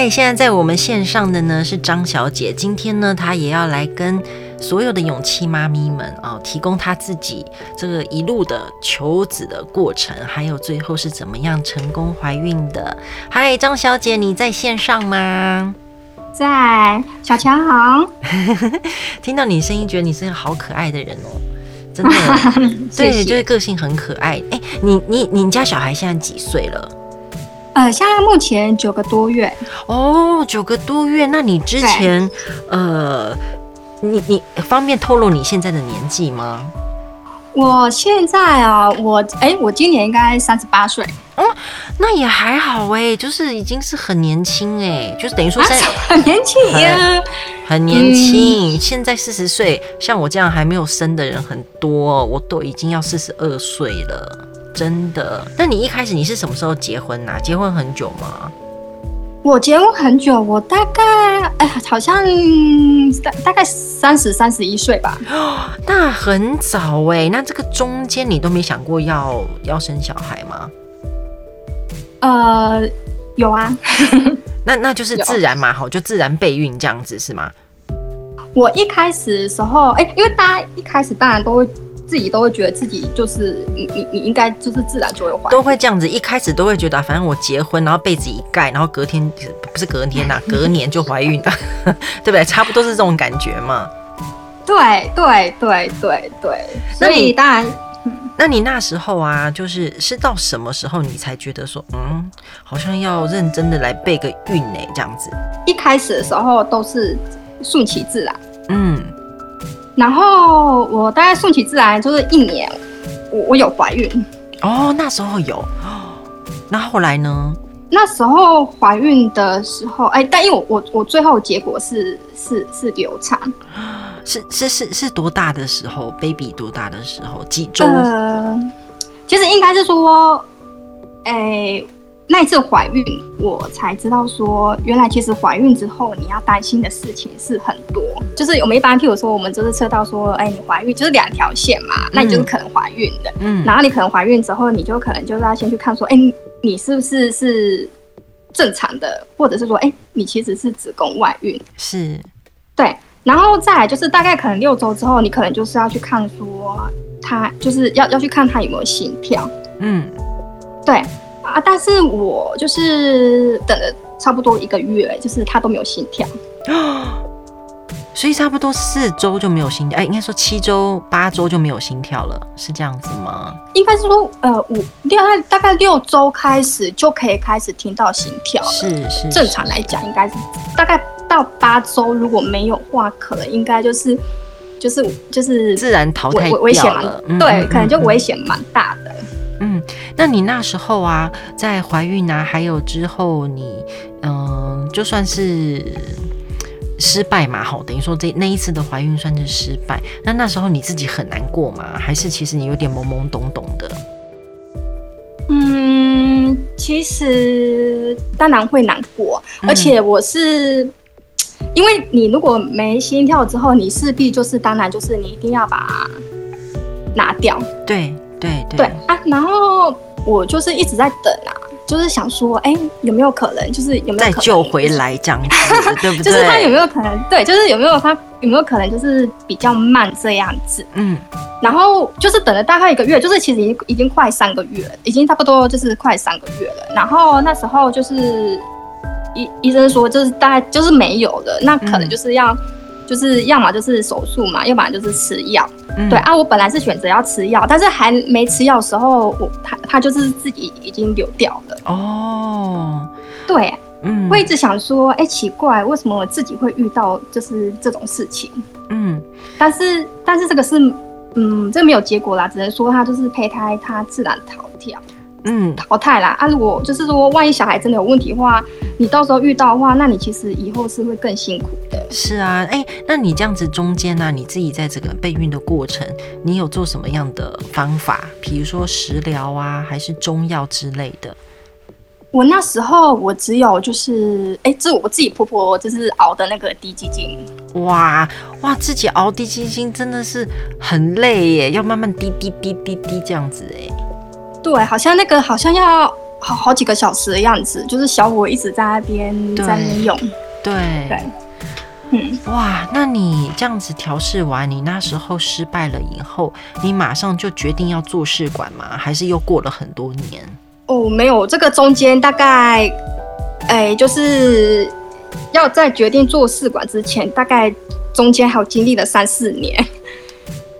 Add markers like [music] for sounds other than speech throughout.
哎、hey，現在在我們線上的呢是張小姐，今天呢她也要來跟所有的勇氣媽咪們哦，提供她自己這個一路的求子的過程，還有最後是怎麼樣成功懷孕的。嗨，張小姐，你在線上嗎？在。小強好， [laughs] 聽到你聲音覺得你是一個好可愛的人哦，真的 [laughs] 謝謝，對，就是個性很可愛。哎、欸，你你你家小孩現在幾歲了？呃，現在目前九個多月哦，九個多月。那你之前，呃，你你方便透露你現在的年紀嗎？我現在啊，我哎、欸，我今年應該三十八歲哦。那也還好哎、欸，就是已經是很年輕哎、欸，就是等於說很年輕，很年輕，啊嗯。現在四十歲，像我這樣還沒有生的人很多，我都已經要四十二歲了。真的？那你一開始你是什麼時候結婚吶、啊？結婚很久嗎？我結婚很久，我大概哎好像大大概三十三十一歲吧。那很早哎、欸。那這個中間你都沒想過要要生小孩嗎？呃，有啊。 [laughs] [laughs] 那那就是自然嘛，好，就自然備孕這樣子是嗎？我一開始的時候，哎、欸，因為大家一開始當然都會。自己都會覺得自己就是你你你應該就是自然就會懷，都會這樣子，一開始都會覺得、啊、反正我結婚，然後被子一蓋，然後隔天不是隔天吶、啊，隔年就懷孕了、啊， [laughs] 是的 [laughs] 對不對？差不多是這種感覺嘛。對對對對對，所以當然，那你那時候啊，就是是到什麼時候你才覺得說，嗯，好像要認真的來備個孕呢、欸？這樣子，一開始的時候都是順其自然，嗯。然後我大概順其自然就是一年，我我有懷孕哦，那時候有哦。那後來呢？那時候懷孕的時候，哎，但因為我我，我最後結果是是是流產，是是是是多大的時候？baby 多大的時候？幾周？呃，其實應該是說，哎。那一次懷孕，我才知道說，原來其實懷孕之後你要擔心的事情是很多。就是我們一般，譬如說，我們就是測到說，哎、欸，你懷孕就是兩條線嘛，那你就是可能懷孕的嗯。嗯。然後你可能懷孕之後，你就可能就是要先去看說，哎、欸，你是不是是正常的，或者是說，哎、欸，你其實是子宮外孕。是。對。然後再來就是大概可能六周之後，你可能就是要去看說他，他就是要要去看他有沒有心跳。嗯。對。啊！但是我就是等了差不多一個月，就是他都沒有心跳啊，所以差不多四周就沒有心跳，哎、欸，應該說七周八周就沒有心跳了，是這樣子嗎？應該是說，呃，五六大概六周開始就可以開始聽到心跳，是是，是，正常來講，應該大概到八周如果沒有話，可能應該就是就是就是自然淘汰危險了，對，嗯嗯嗯，可能就危險蠻大的。那你那時候啊，在懷孕啊，還有之後你，你、呃、嗯，就算是失敗嘛，吼，等於說這那一次的懷孕算是失敗。那那時候你自己很難過嗎？還是其實你有點懵懵懂懂的？嗯，其實當然會難過，而且我是、嗯、因為你如果沒心跳之後，你勢必就是當然就是你一定要把拿掉，對。對對對，對啊，然後我就是一直在等啊，就是想說，哎、欸，有沒有可能就是有沒有再救回來這樣子， [laughs] 就是他有沒有可能，對，就是有沒有他有沒有可能就是比較慢這樣子，嗯。然後就是等了大概一個月，就是其實已經已經快三個月，已經差不多就是快三個月了。然後那時候就是醫醫生說，就是大概就是沒有了，那可能就是要。嗯就是，要麼就是手術嘛，要不然就是吃藥、嗯。對啊，我本來是選擇要吃藥，但是還沒吃藥的時候，我他他就是自己已經流掉了。哦，對，嗯，我一直想說，哎、欸，奇怪，為什麼我自己會遇到就是這種事情？嗯，但是但是這個是，嗯，這個沒有結果啦，只能說它就是胚胎它自然淘汰。嗯，淘汰啦啊！如果就是說，萬一小孩真的有問題的話，你到時候遇到的話，那你其實以後是會更辛苦的。是啊，哎、欸，那你這樣子中間呢、啊，你自己在整個備孕的過程，你有做什麼樣的方法？比如說食療啊，還是中藥之類的？我那時候我只有就是，哎、欸，這我自己婆婆就是熬的那個滴雞精。哇哇，自己熬滴雞精真的是很累耶，要慢慢滴滴滴滴滴這樣子哎。對，好像那個好像要好好幾個小時的樣子，就是小火一直在那邊在那邊用。對對，嗯，哇，那你這樣子調試完，你那時候失敗了以後，你馬上就決定要做試管嗎？還是又過了很多年？哦，沒有，這個中間大概，哎，就是要在決定做試管之前，大概中間還有經歷了三四年。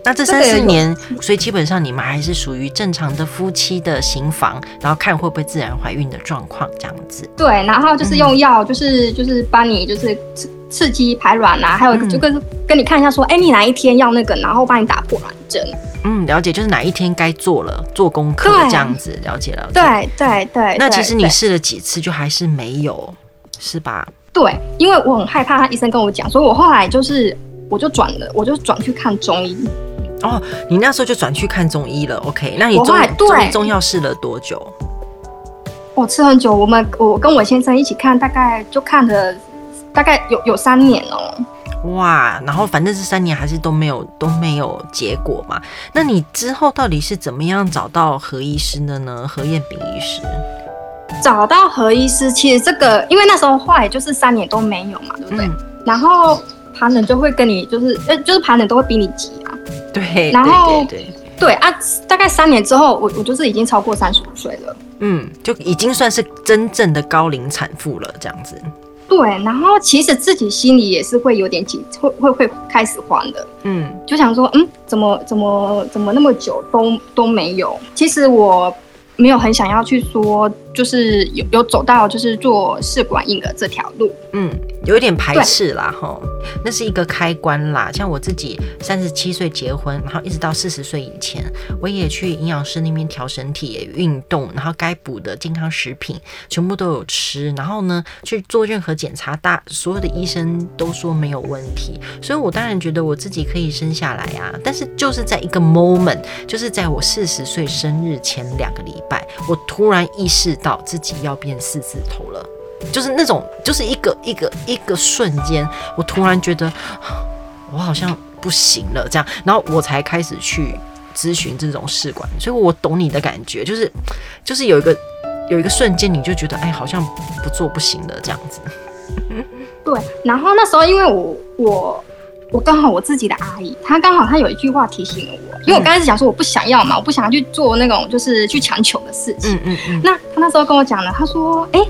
那這三四年，這個，所以基本上你們還是屬於正常的夫妻的行房，然後看會不會自然懷孕的狀況這樣子。對，然後就是用藥、就是嗯，就是就是幫你就是刺刺激排卵啊，還有就跟、嗯、跟你看一下說，哎、欸，你哪一天要那個，然後幫你打破卵針。嗯，了解，就是哪一天該做了，做功課這樣子，了解了解。對對對，那其實你試了幾次就還是沒有，是吧？對，因為我很害怕，他醫生跟我講，所以我後來就是我就轉了，我就轉去看中醫。哦，你那時候就轉去看中醫了，OK？那你中中藥試了多久？我吃很久，我們我跟我先生一起看，大概就看了大概有有三年哦。哇，然後反正是三年還是都沒有都沒有結果嘛。那你之後到底是怎麼樣找到何醫師的呢？何彥秉醫師？找到何醫師，其實這個因為那時候後來就是三年都沒有嘛，對不對？嗯、然後旁人就會跟你就是呃，就是旁人都會比你急。對，然後對對，對，對，對啊，大概三年之後，我我就是已經超過三十五歲了，嗯，就已經算是真正的高齡產婦了，這樣子。對，然後其實自己心裡也是會有點緊，會會會開始慌的，嗯，就想說，嗯，怎麼怎麼怎麼那麼久都都沒有？其實我沒有很想要去說，就是有有走到就是做試管嬰兒這條路，嗯。有一點排斥啦吼，吼，那是一個開關啦。像我自己三十七歲結婚，然後一直到四十歲以前，我也去營養師那邊調身體、也運動，然後該補的健康食品全部都有吃，然後呢去做任何檢查大，大所有的醫生都說沒有問題，所以我當然覺得我自己可以生下來啊。但是就是在一個 moment，就是在我四十歲生日前兩個禮拜，我突然意識到自己要變四字頭了。就是那種，就是一個一個一個瞬間，我突然覺得我好像不行了這樣，然後我才開始去諮詢這種試管，所以我懂你的感覺，就是，就是有一個有一個瞬間，你就覺得哎、欸，好像不做不行了這樣子。嗯，對。然後那時候，因為我我我剛好我自己的阿姨，她剛好她有一句話提醒了我，因為我剛開始講說我不想要嘛，我不想要去做那種就是去強求的事情。嗯嗯嗯。那她那時候跟我講了，她說，哎、欸。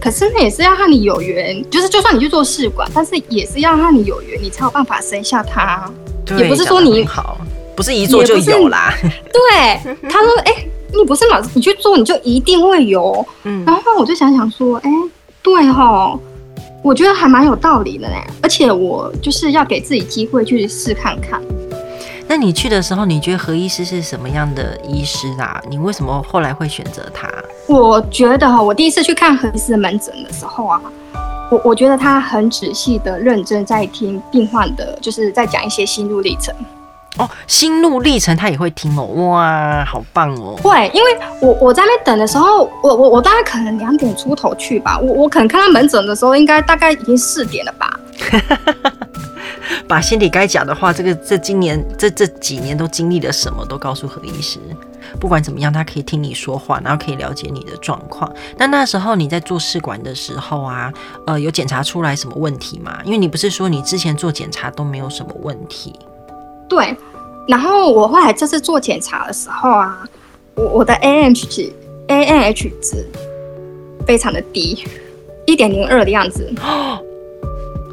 可是那也是要和你有緣，就是就算你去做試管，但是也是要和你有緣，你才有辦法生下他。對，也不是說你不是一做就有啦。 [laughs] 對，他說，哎、欸，你不是老師你去做你就一定會有。嗯。然後我就想想說，哎、欸，對哦，我覺得還蠻有道理的嘞。而且我就是要給自己機會去試看看。那你去的時候，你覺得何醫師是什麼樣的醫師啊？你為什麼後來會選擇他？我覺得哈，我第一次去看何醫師的門診的時候啊，我我覺得他很仔細的、認真在聽病患的，就是在講一些心路歷程。哦，心路歷程他也會聽哦，哇，好棒哦！對，因為我我在那等的時候，我我我大概可能兩點出頭去吧，我我可能看他門診的時候，應該大概已經四點了吧。 [laughs] 把心裡該講的話，這個這今年這這幾年都經歷了什麼都告訴何醫師。不管怎麼樣，他可以聽你說話，然後可以了解你的狀況。但那,那時候你在做試管的時候啊，呃，有檢查出來什麼問題嗎？因為你不是說你之前做檢查都沒有什麼問題。對，然後我後來就是做檢查的時候啊，我我的 AMH 值 AMH 值非常的低，一點零二的樣子。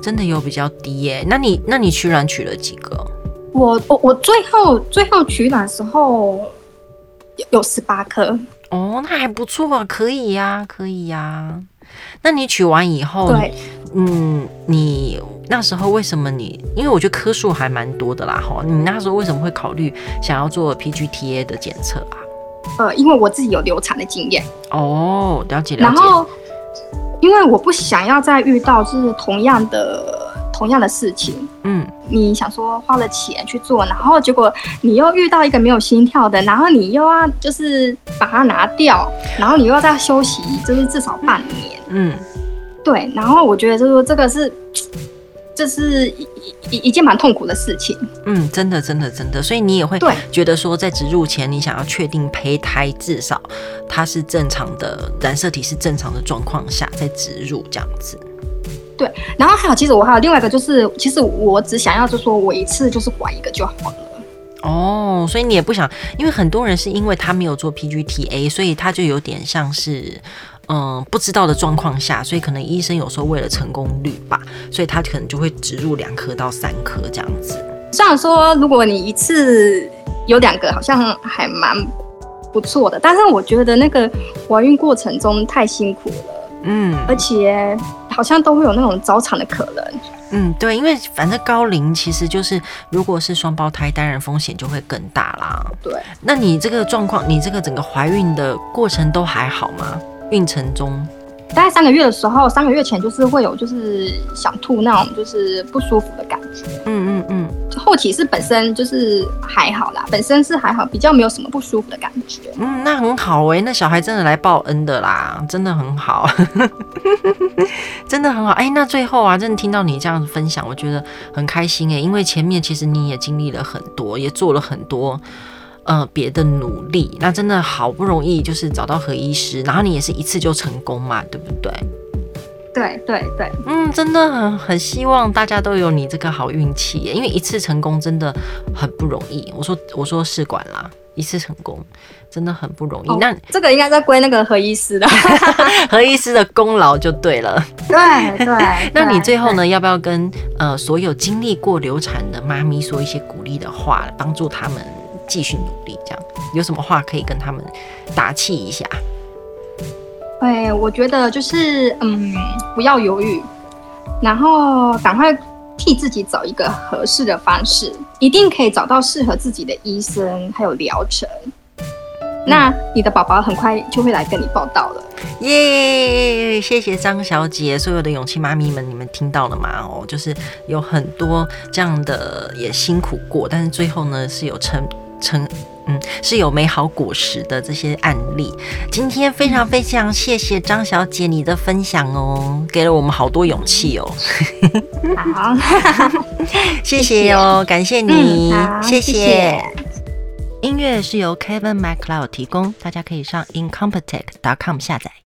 真的有比較低耶，欸，那你那你取卵取了幾個？我我我最後最後取卵時候有有十八顆哦，那還不錯啊，可以呀，可以呀。那你取完以後，對，嗯，你那時候為什麼你？因為我覺得顆數還蠻多的啦哈。你那時候為什麼會考慮想要做 PGTA 的檢測啊？呃，因為我自己有流產的經驗哦，了解了解。然後。因為我不想要再遇到就是同樣的同樣的事情，嗯，你想說花了錢去做，然後結果你又遇到一個沒有心跳的，然後你又要就是把它拿掉，然後你又要再休息，就是至少半年，嗯，對，然後我覺得就是說這個是。這是一一一件蠻痛苦的事情，嗯，真的，真的，真的，所以你也會對覺得說，在植入前，你想要確定胚胎至少它是正常的染色體是正常的狀況下再植入這樣子。對，然後還有，其實我還有另外一個，就是其實我只想要，就說我一次就是管一個就好了。哦，所以你也不想，因為很多人是因為他沒有做 PGT-A，所以他就有點像是。嗯，不知道的狀況下，所以可能醫生有時候為了成功率吧，所以他可能就會植入兩顆到三顆這樣子。雖然說，如果你一次有兩個，好像還蠻不錯的。但是我覺得那個懷孕過程中太辛苦了，嗯，而且好像都會有那種早產的可能。嗯，對，因為反正高齡其實就是如果是雙胞胎，當然風險就會更大啦。對，那你這個狀況，你這個整個懷孕的過程都還好嗎？孕程中，大概三個月的時候，三個月前就是會有就是想吐那種就是不舒服的感覺。嗯嗯嗯，嗯後體是本身就是還好啦，本身是還好，比較沒有什麼不舒服的感覺。嗯，那很好哎、欸，那小孩真的來報恩的啦，真的很好， [laughs] 真的很好。哎、欸，那最後啊，真的聽到你這樣子分享，我覺得很開心哎、欸，因為前面其實你也經歷了很多，也做了很多。呃，別的努力，那真的好不容易，就是找到何醫師，然後你也是一次就成功嘛，對不對？對對對，嗯，真的很很希望大家都有你這個好運氣，因為一次成功真的很不容易。我說我說試管啦，一次成功真的很不容易。哦，那這個應該在歸那個何醫師的， [laughs] 何醫師的功勞就對了。對對，對 [laughs] 那你最後呢，要不要跟呃所有經歷過流產的媽咪說一些鼓勵的話，幫助他們？繼續努力，這樣有什麼話可以跟他們打氣一下？哎，我覺得就是嗯，不要猶豫，然後趕快替自己找一個合適的方式，一定可以找到適合自己的醫生還有療程，嗯。那你的寶寶很快就會來跟你報到了。耶，yeah, yeah！Yeah, yeah, yeah, 謝謝張小姐，所有的勇氣媽咪們，你們聽到了嗎？哦，oh，就是有很多這樣的也辛苦過，但是最後呢是有成。成，嗯，是有美好果實的這些案例。今天非常非常謝謝張小姐你的分享哦，嗯、給了我們好多勇氣哦。好， [laughs] 好好 [laughs] 謝謝，謝，謝哦，感謝你，嗯、謝，謝，謝謝。音樂是由 Kevin MacLeod 提供，大家可以上 incompetech.com 下載。